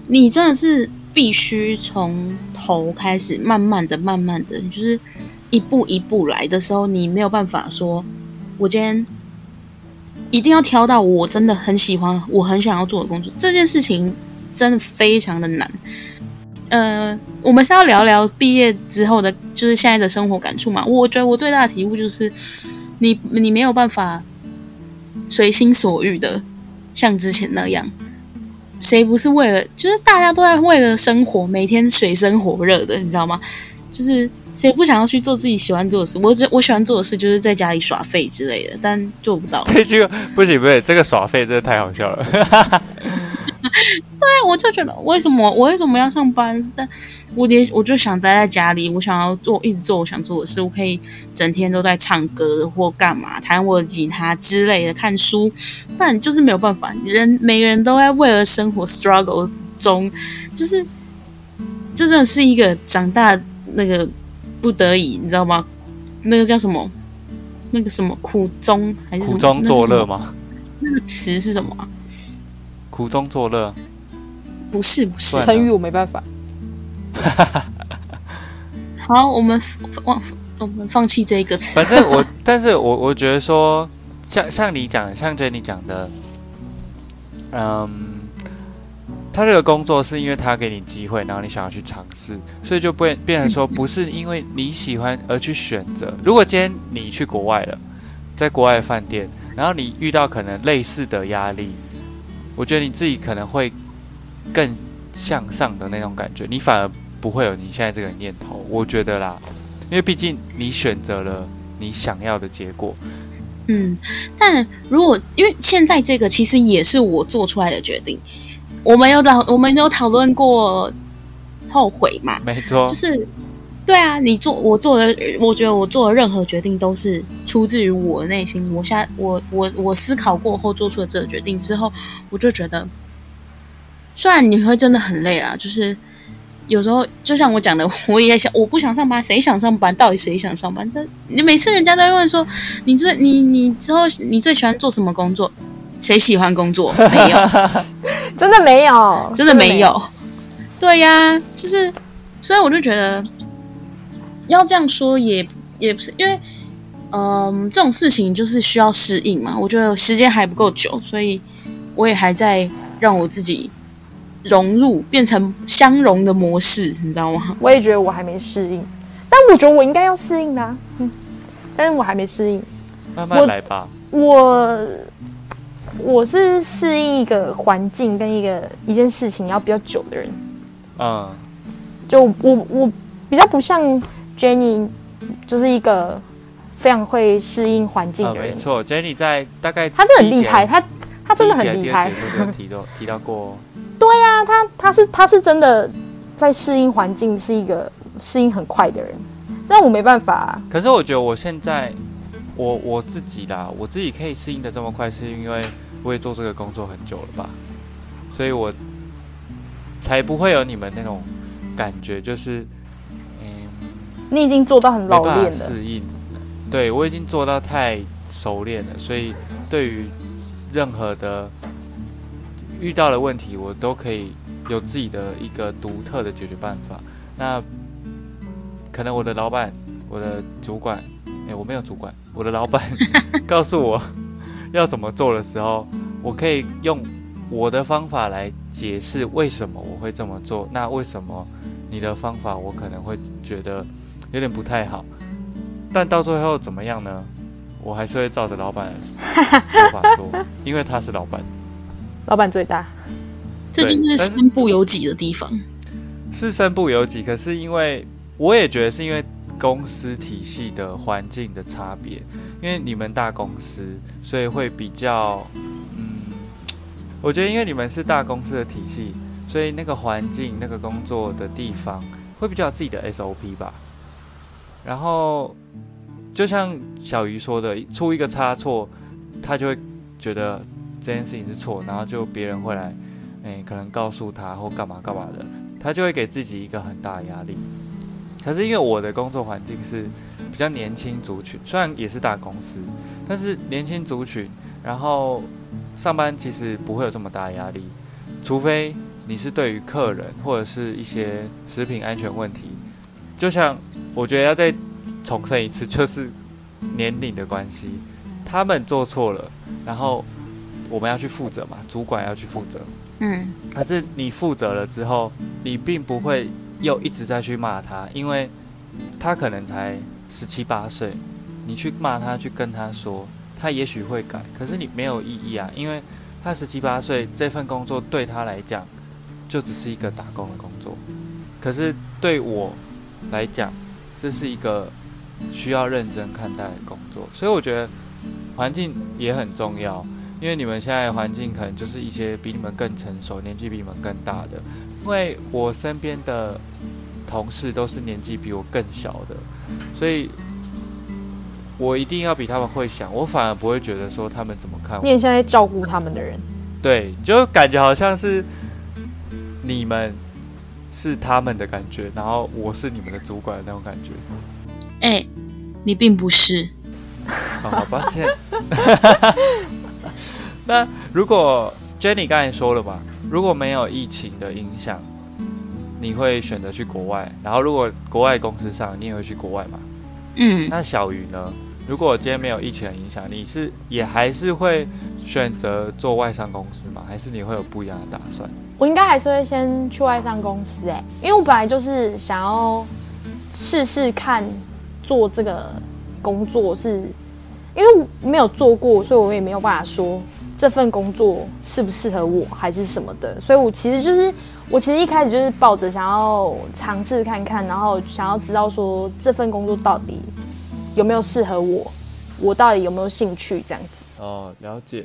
你真的是必須從頭開始，慢慢的、慢慢的，就是一步一步來的時候，你沒有辦法說，我今天。一定要挑到我真的很喜歡、我很想要做的工作，這件事情真的非常的難。呃，我們是要聊聊畢業之後的，就是現在的生活感觸嘛？我覺得我最大的體悟就是，你你沒有辦法隨心所欲的像之前那樣。誰不是為了？就是大家都在為了生活，每天水深火熱的，你知道嗎？就是。誰不想要去做自己喜歡做的事？我只我喜歡做的事就是在家裡耍廢之類的，但做不到。這個不行，不行，這個耍廢真的太好笑了。 對，我就覺得為什麼我為什麼要上班？但我也我就想待在家裡，我想要做一直做我想做的事，我可以整天都在唱歌或幹嘛彈我的吉他之類的，看書。但就是沒有辦法，人每個人都在為了生活 struggle 中，就是這真的是一個長大那個。不得已，你知道嗎？那個叫什麼？那個什麼苦中還是苦中作樂嗎？那、那個詞是什麼、啊？苦中作樂？不是，不是成語，我沒辦法。 好，我們放，我們放棄這一個詞。反正我，但是我我覺得說，像像你講，像 Jenny 講的，嗯。他這個工作是因為他給你機會，然後你想要去嘗試，所以就變變成說不是因為你喜歡而去選擇。如果今天你去國外了，在國外飯店，然後你遇到可能類似的壓力，我覺得你自己可能會更向上的那種感覺，你反而不會有你現在這個念頭。我覺得啦，因為畢竟你選擇了你想要的結果。嗯，但如果因為現在這個其實也是我做出來的決定。我們有討，我們有討論過後悔嘛？沒錯，就是對啊，你做我做的，我覺得我做的任何決定都是出自於的我內心。我現在我我我思考過後做出了這個決定之後，我就覺得，雖然你會真的很累啊，就是有時候就像我講的，我也想我不想上班，誰想上班？到底誰想上班？但你每次人家都會問說，你最你你之後你最喜歡做什麼工作？誰喜歡工作？沒有， 真的沒有，真的沒有。 對呀、啊，就是，所以我就覺得要這樣說也也不是，因為，嗯、呃，這種事情就是需要適應嘛。我覺得時間還不夠久，所以我也還在讓我自己融入，變成相融的模式，你知道嗎？我也覺得我還沒適應，但我覺得我應該要適應啊。嗯，但是我還沒適應，慢慢來吧。我。我是適應一個環境跟一個一件事情要比較久的人，嗯，就我我比較不像 Jenny，就是一個非常會適應環境的人。嗯、沒錯，Jenny 在大概他真的很厲害，他他真的很厲害，她她真的很厲害提。提到提到過、哦， 對啊，他他是他是真的在適應環境，是一個適應很快的人。那我沒辦法、啊，可是我覺得我現在我我自己啦，我自己可以適應的這麼快，是因為。不會做這個工作很久了吧，所以我才不會有你們那種感覺，就是嗯，你已經做到很老練了，適應，對，我已經做到太熟練了，所以對於任何的遇到的問題，我都可以有自己的一個獨特的解決辦法。那可能我的老闆，我的主管，哎、欸，我沒有主管，我的老闆 告訴我，要怎麼做的時候，我可以用我的方法來解釋為什麼我會這麼做。那為什麼你的方法我可能會覺得有點不太好？但到最後怎麼樣呢？我還是會照着老闆的說法做， 因為他是老闆，老闆最大。這就是身不由己的地方，是，是身不由己。可是因為我也覺得是因為。公司體系的環境的差別，因為你們大公司，所以會比較，嗯，我覺得因為你們是大公司的體系，所以那個環境、那個工作的地方會比較有自己的 SOP 吧。然後，就像小瑜說的，出一個差錯，他就會覺得這件事情是錯，然後就別人會來，哎，可能告訴他或幹嘛幹嘛的，他就會給自己一個很大壓力。但是因為我的工作環境是比較年輕族群，雖然也是大公司，但是年輕族群，然後上班其實不會有這麼大壓力，除非你是對於客人或者是一些食品安全問題，就像我覺得要再重申一次，就是年齡的關係，他們做錯了，然後我們要去負責嘛，主管要去負責，嗯，可是你負責了之後，你並不會。又一直在去罵他，因為他可能才十七八歲，你去罵他，去跟他說，他也許會改，可是你沒有意義啊，因為他十七八歲，這份工作對他來講，就只是一個打工的工作，可是對我來講，這是一個需要認真看待的工作，所以我覺得環境也很重要，因為你們現在的環境可能就是一些比你們更成熟，年紀比你們更大的。因為我身邊的同事都是年紀比我更小的，所以我一定要比他們會想，我反而不會覺得說他們怎麼看我。你很像在照顧他們的人，對，就感覺好像是你們是他們的感覺，然後我是你們的主管的那種感覺。哎、欸，你並不是。啊，抱歉。那如果 Jenny 剛才說了吧？如果沒有疫情的影響，你會選擇去國外。然後如果國外公司上，你也會去國外嘛？嗯。那小瑜呢？如果今天沒有疫情的影響，你是也還是會選擇做外商公司嗎？還是你會有不一樣的打算？我應該還是會先去外商公司。哎、欸，因為我本來就是想要試試看做這個工作，是因為沒有做過，所以我也沒有辦法說。這份工作適不適合我，還是什麼的？所以，我其實就是我其實一開始就是抱着想要嘗試看看，然後想要知道說這份工作到底有沒有適合我，我到底有沒有興趣這樣子。哦，了解。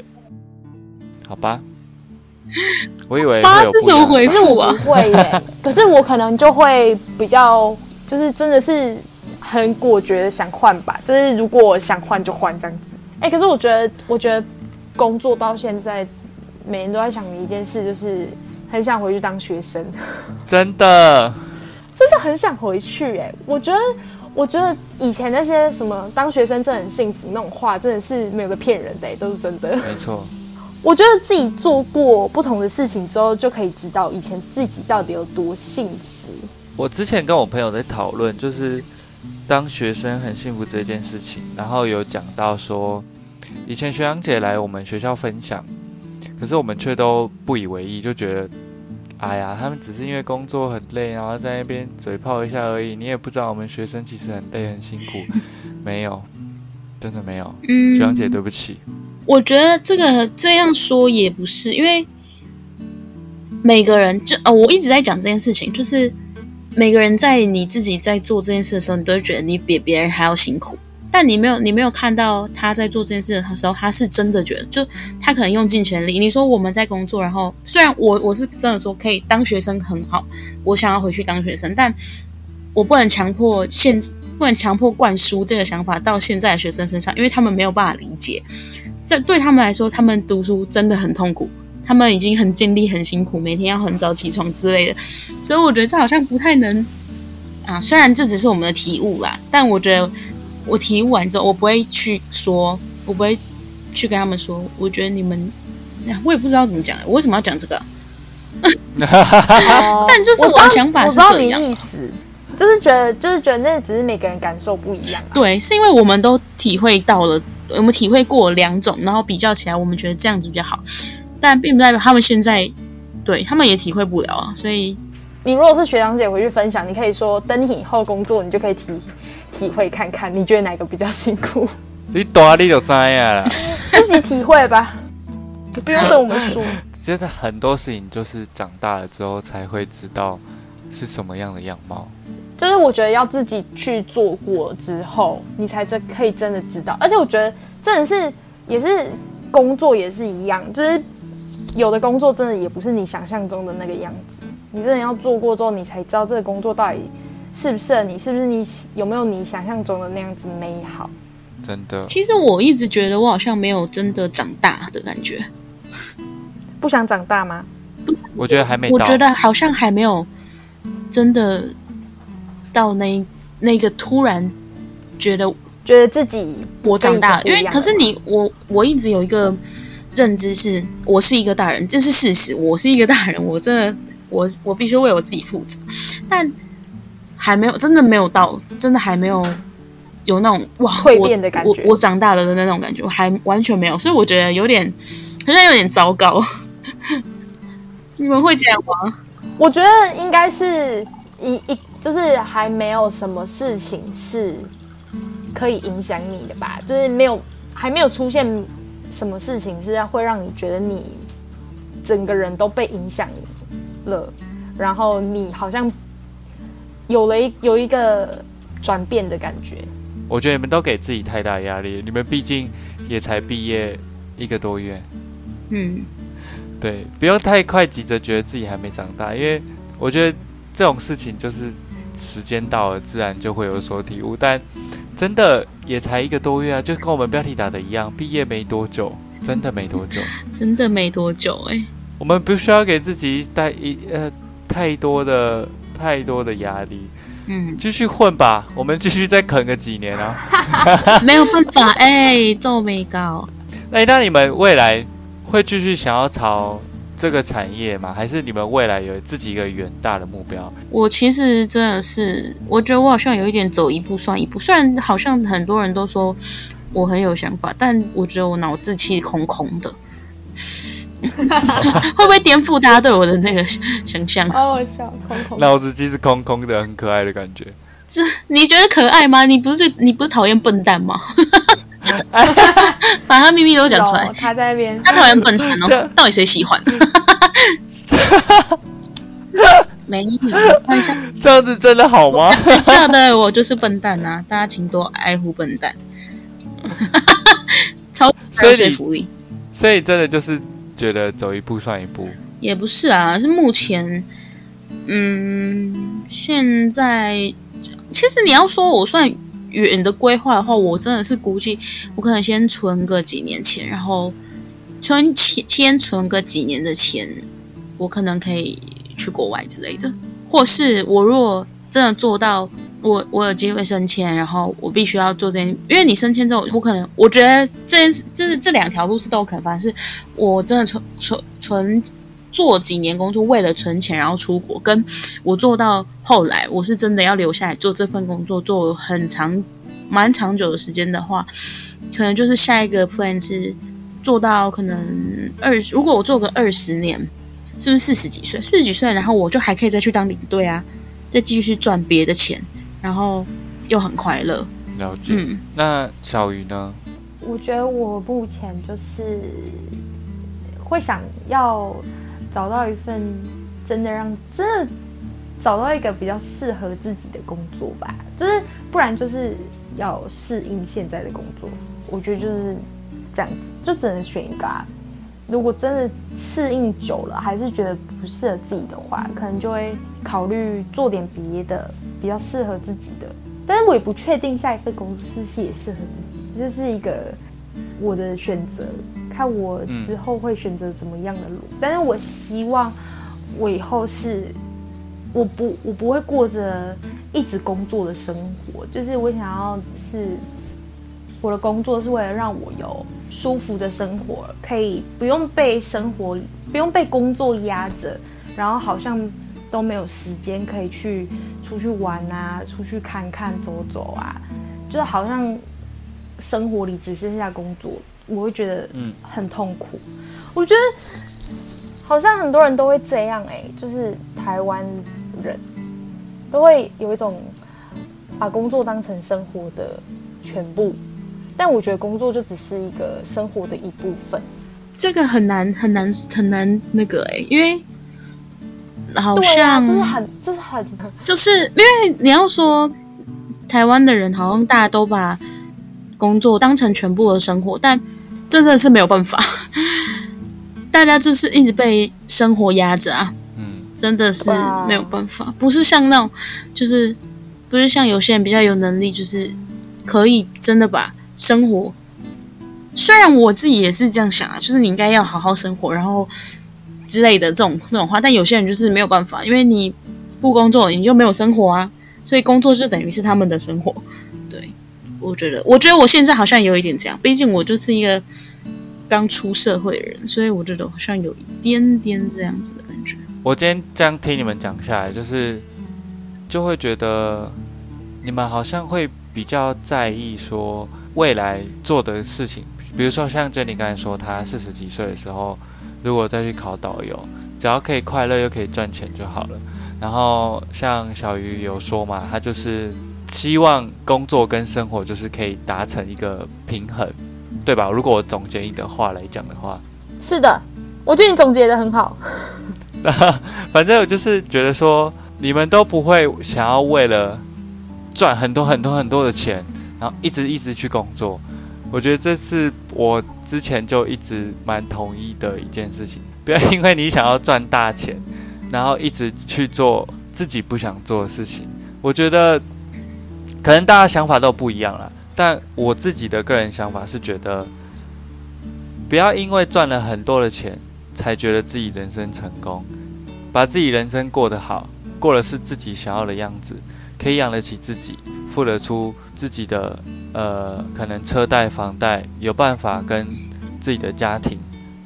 好吧。我以為。媽、啊、是什麼回事啊？我不會耶。 可是我可能就會比較，就是真的是很果決的想換吧。就是如果想換就換這樣子。哎、欸，可是我覺得，我覺得。工作到現在，每年都在想的一件事，就是很想回去當學生。真的，真的很想回去欸！我覺得，我覺得以前那些什麼當學生真的很幸福那種話，真的是沒有個騙人的欸，都是真的。沒錯，我覺得自己做過不同的事情之後，就可以知道以前自己到底有多幸福。我之前跟我朋友在討論，就是當學生很幸福這件事情，然後有講到說。以前學長姐來我們學校分享，可是我們卻都不以為意，就覺得，哎呀，他們只是因為工作很累，然後在那邊嘴炮一下而已。你也不知道我們學生其實很累很辛苦，沒有，真的沒有。嗯、學長姐，對不起。我覺得這個這樣說也不是，因為每個人就，就、呃、哦，我一直在講這件事情，就是每個人在你自己在做這件事的時候，你都覺得你比別人還要辛苦。但你沒有，你沒有看到他在做這件事的時候，他是真的覺得，就他可能用盡全力。你說我們在工作，然後雖然我我是真的說可以當學生很好，我想要回去當學生，但我不能強迫現不能強迫灌輸這個想法到現在的學生身上，因為他們沒有辦法理解。這對他們來說，他們讀書真的很痛苦，他們已經很盡力、很辛苦，每天要很早起床之類的。所以我覺得這好像不太能啊。雖然這只是我們的體悟啦，但我覺得。我提完之後，我不會去說，我不會去跟他們說。我覺得你們，我也不知道怎麼講。我為什麼要講這個？ 呃，但就是我的想法是這樣子，就是覺得，就是覺得那只是每個人感受不一樣啊。對，是因為我們都體會到了，我們體會過兩種，然後比較起來，我們覺得這樣子比較好。但並不代表他們現在，對他們也體會不了啊。所以，你如果是學長姐回去分享，你可以說，等你以後工作，你就可以提。體會看看，你覺得哪個比較辛苦？你大你就知道了， 自己體會吧，你 不用跟我們說。就是很多事情就是長大了之後才會知道是什麼樣的樣貌。就是我覺得要自己去做過之後，你才真可以真的知道。而且我覺得真的是也是工作也是一樣，就是有的工作真的也不是你想象中的那個樣子。你真的要做過之後，你才知道這個工作到底。是不是，是不是你？是不是你有沒有你想象中的那樣子美好？真的。其實我一直覺得我好像沒有真的長大的感覺。不想長大嗎？不想。我覺得還沒。我覺得好像還沒有真的到那那個突然覺得覺得自己我長大了，因為可是你我我一直有一個認知是，我是一個大人，這是事實。我是一個大人，我真的我我必須為我自己負責，但。還沒有，真的沒有到，真的還沒有有那種哇蛻變的感覺，我我長大了的那種感覺，我還完全沒有，所以我覺得有點好像有點糟糕。 你們會這樣嗎？我覺得應該是一一，就是還沒有什麼事情是可以影響你的吧，就是沒有還沒有出現什麼事情是要會讓你覺得你整個人都被影響了，然後你好像。有了一有一個轉變的感覺，我覺得你們都給自己太大壓力。你們畢竟也才畢業一個多月，嗯，對，不要太快急着覺得自己還沒長大，因為我覺得這種事情就是時間到了，自然就會有所體悟。但真的也才一個多月啊，就跟我們標題打的一樣，畢業沒多久，真的沒多久，真的沒多久哎、欸。我們不需要給自己帶一呃太多的。太多的壓力，嗯，繼續混吧，我們繼續再啃個幾年啊， 沒有辦法哎，都沒搞。哎、欸，那你們未來會繼續想要朝這個產業嗎？還是你們未來有自己一個遠大的目標？我其實真的是，我覺得我好像有一點走一步算一步。雖然好像很多人都說我很有想法，但我覺得我腦子氣空空的。 會不會顛覆大家對我的那個想象腦、oh, 腦子其實空空的，很可愛的感覺。是你覺得可愛嗎？你不是你不是討厭笨蛋嗎？ 把他秘密都講出來。他在那邊。他討厭笨蛋哦。 到底誰喜歡？美女，看這樣子真的好嗎？笑，笑的我就是笨蛋吶、啊，大家請多愛護笨蛋。 超科學福利所，所以真的就是。覺得走一步算一步，也不是啊，是目前，嗯，現在其實你要說，我算遠的規劃的話，我真的是估計，我可能先存個幾年錢，然後存先先存個幾年的錢，我可能可以去國外之類的，或是我如果真的做到。我我有機會升遷，然後我必須要做這件，因為你升遷之後，我可能我覺得這件事就是這兩條路是都有可能發生。我真的存存存做幾年工作，為了存錢，然後出國，跟我做到後來，我是真的要留下來做這份工作，做很長蠻長久的時間的話，可能就是下一個 plan 是做到可能二十。如果我做個二十年，是不是四十幾歲？四十幾歲，然後我就還可以再去當領隊啊，再繼續賺別的錢。然後又很快樂。了解。嗯。那小瑜呢？我覺得我目前就是會想要找到一份真的讓真的找到一個比較適合自己的工作吧，就是不然就是要適應現在的工作。我覺得就是這樣子，就只能選一個啊。如果真的適應久了，還是覺得不適合自己的話，可能就會考慮做點別的，比較適合自己的。但是我也不確定下一份公司是也適合自己，這、就是一個我的選擇，看我之後會選擇怎麼樣的路。嗯。但是我希望我以後是我不我不會過着一直工作的生活，就是我想要是。我的工作是為了讓我有舒服的生活，可以不用被生活，不用被工作壓着，然後好像都沒有時間可以去出去玩啊，出去看看、走走啊，就好像生活裡只剩下工作，我會覺得嗯很痛苦。我覺得好像很多人都會這樣欸，就是台灣人都會有一種把工作當成生活的全部。但我覺得工作就只是一個生活的一部分，這個很難很難很難那個哎，因為好像、啊、是是就是很就是很就是因為你要說台灣的人好像大家都把工作當成全部的生活，但真的是沒有辦法，大家就是一直被生活壓着啊，嗯，真的是沒有辦法，不是像那種就是不是像有些人比較有能力，就是可以真的把。生活，雖然我自己也是這樣想啊，就是你應該要好好生活，然後之類的這種那種話，但有些人就是沒有辦法，因為你不工作你就沒有生活啊，所以工作就等於是他們的生活。對，我覺得，我覺得我現在好像有一點這樣，畢竟我就是一個剛出社會的人，所以我覺得好像有一點點這樣子的感覺。我今天這樣聽你們講下來，就是就會覺得你們好像會比較在意說未來做的事情，比如說像 Jenny 剛才說，她四十幾歲的時候，如果再去考導遊，只要可以快樂又可以賺錢就好了。然後像小瑜有說嘛，他就是希望工作跟生活就是可以達成一個平衡，對吧？如果我總結你的話來講的話，是的，我覺得你總結得很好 反正我就是覺得說，你們都不會想要為了賺很多很多很多的錢。然後一直一直去工作，我覺得這是我之前就一直蠻同意的一件事情。不要因為你想要賺大錢，然後一直去做自己不想做的事情。我覺得可能大家想法都不一樣了，但我自己的個人想法是覺得，不要因為賺了很多的錢，才覺得自己人生成功，把自己人生過得好，過的是自己想要的樣子。可以養得起自己，付得出自己的，呃，可能車貸、房貸有辦法跟自己的家庭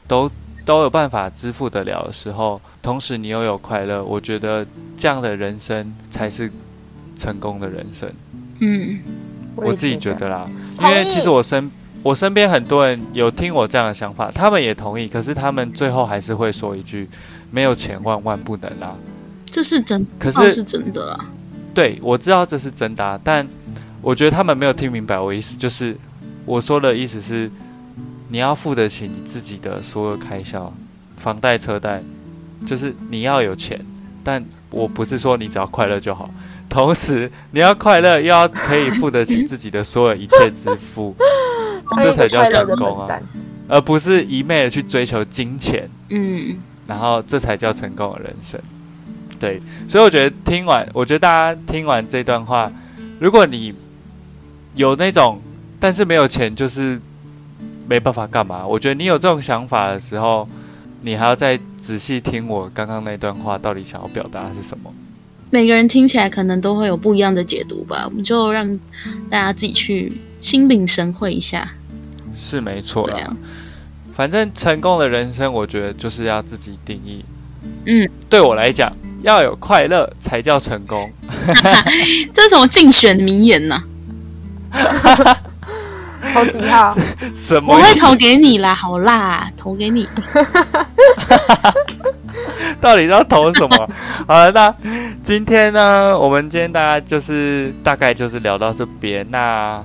都都有辦法支付得了的時候，同時你又有快樂，我覺得這樣的人生才是成功的人生。嗯，我，我自己覺得啦，因為其實我身我身邊很多人有聽我這樣的想法，他們也同意，可是他們最後還是會說一句：沒有錢萬萬不能啦，這是真，可是是真的啊。對，我知道這是真的，但我覺得他們沒有聽明白我意思。就是我說的意思是，你要付得起你自己的所有開銷，房貸、車貸，就是你要有錢。但我不是說你只要快樂就好，同時你要快樂，又要可以付得起自己的所有一切支付， 這才叫成功啊，嗯，而不是一昧的去追求金錢。嗯，然後這才叫成功的人生。對，所以我覺得聽完，我覺得大家聽完這段話，如果你有那種，但是沒有錢，就是沒辦法幹嘛。我覺得你有這種想法的時候，你還要再仔細聽我剛剛那段話到底想要表達是什麼。每個人聽起來可能都會有不一樣的解讀吧，我們就讓大家自己去心領神會一下。是沒錯的，啊，反正成功的人生，我覺得就是要自己定義。嗯，對我來講。要有快樂才叫成功， 這是什麼競選名言呢、啊？ 投幾號？什麼？我會投給你啦，好啦、啊，投給你。 到底要投什麼好了 那今天呢？我們今天大家就是大概就是聊到這邊。那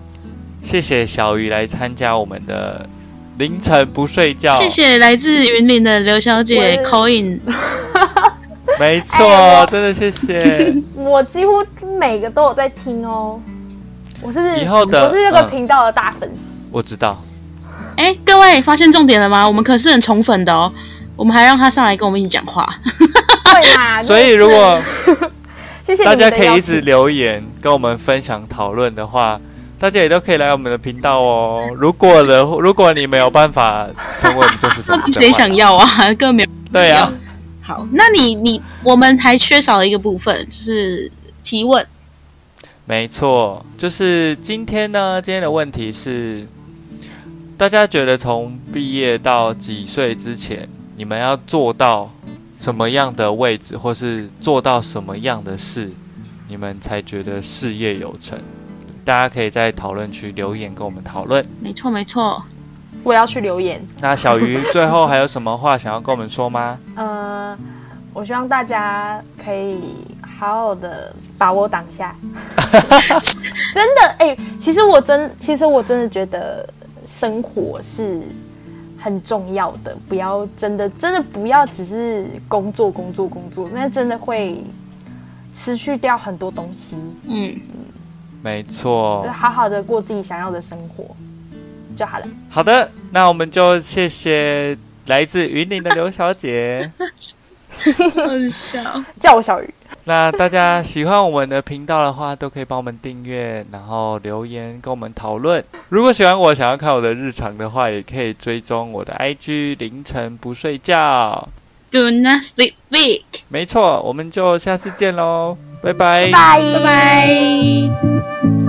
謝謝小瑜來參加我們的凌晨不睡覺。謝謝來自雲林的劉小姐 coin 沒錯，哎 okay. 真的謝謝。我幾乎每個都有在聽哦，我是以後的，我是這個頻道的大粉絲、嗯。我知道。哎、欸，各位發現重點了嗎？我們可是很寵粉的哦，我們還讓他上來跟我們一起講話。對呀、啊就是，所以如果大家可以一直留言跟我們分享討論的話，大家也都可以來我們的頻道哦。如果的如果你沒有辦法成為我們就是粉，誰想要啊，更沒，對呀。好，那你你我們還缺少了一個部分，就是提問。沒錯，就是今天呢，今天的問題是，大家覺得從畢業到幾歲之前，你們要做到什麼樣的位置，或是做到什麼樣的事，你們才覺得事業有成？大家可以在討論區留言跟我們討論。沒錯，沒錯。我要去留言。那小瑜 最後還有什麼話想要跟我們說嗎？嗯、呃，我希望大家可以好好的把握當下。 真的哎、欸，其實我真，其實我真的覺得生活是很重要的，不要真的，真的不要只是工作、工作、工作，那真的會失去掉很多東西。嗯嗯，沒錯，就是、好好的過自己想要的生活。就好了。好的，那我們就謝謝來自雲林的劉小姐。 叫我小瑜。那大家喜歡我們的頻道的話，都可以幫我們訂閱，然後留言跟我們討論。如果喜歡我，想要看我的日常的話，也可以追蹤我的 IG 凌晨不睡覺。Do not sleep Vic。沒錯，我們就下次見嘍，拜拜。拜拜。Bye bye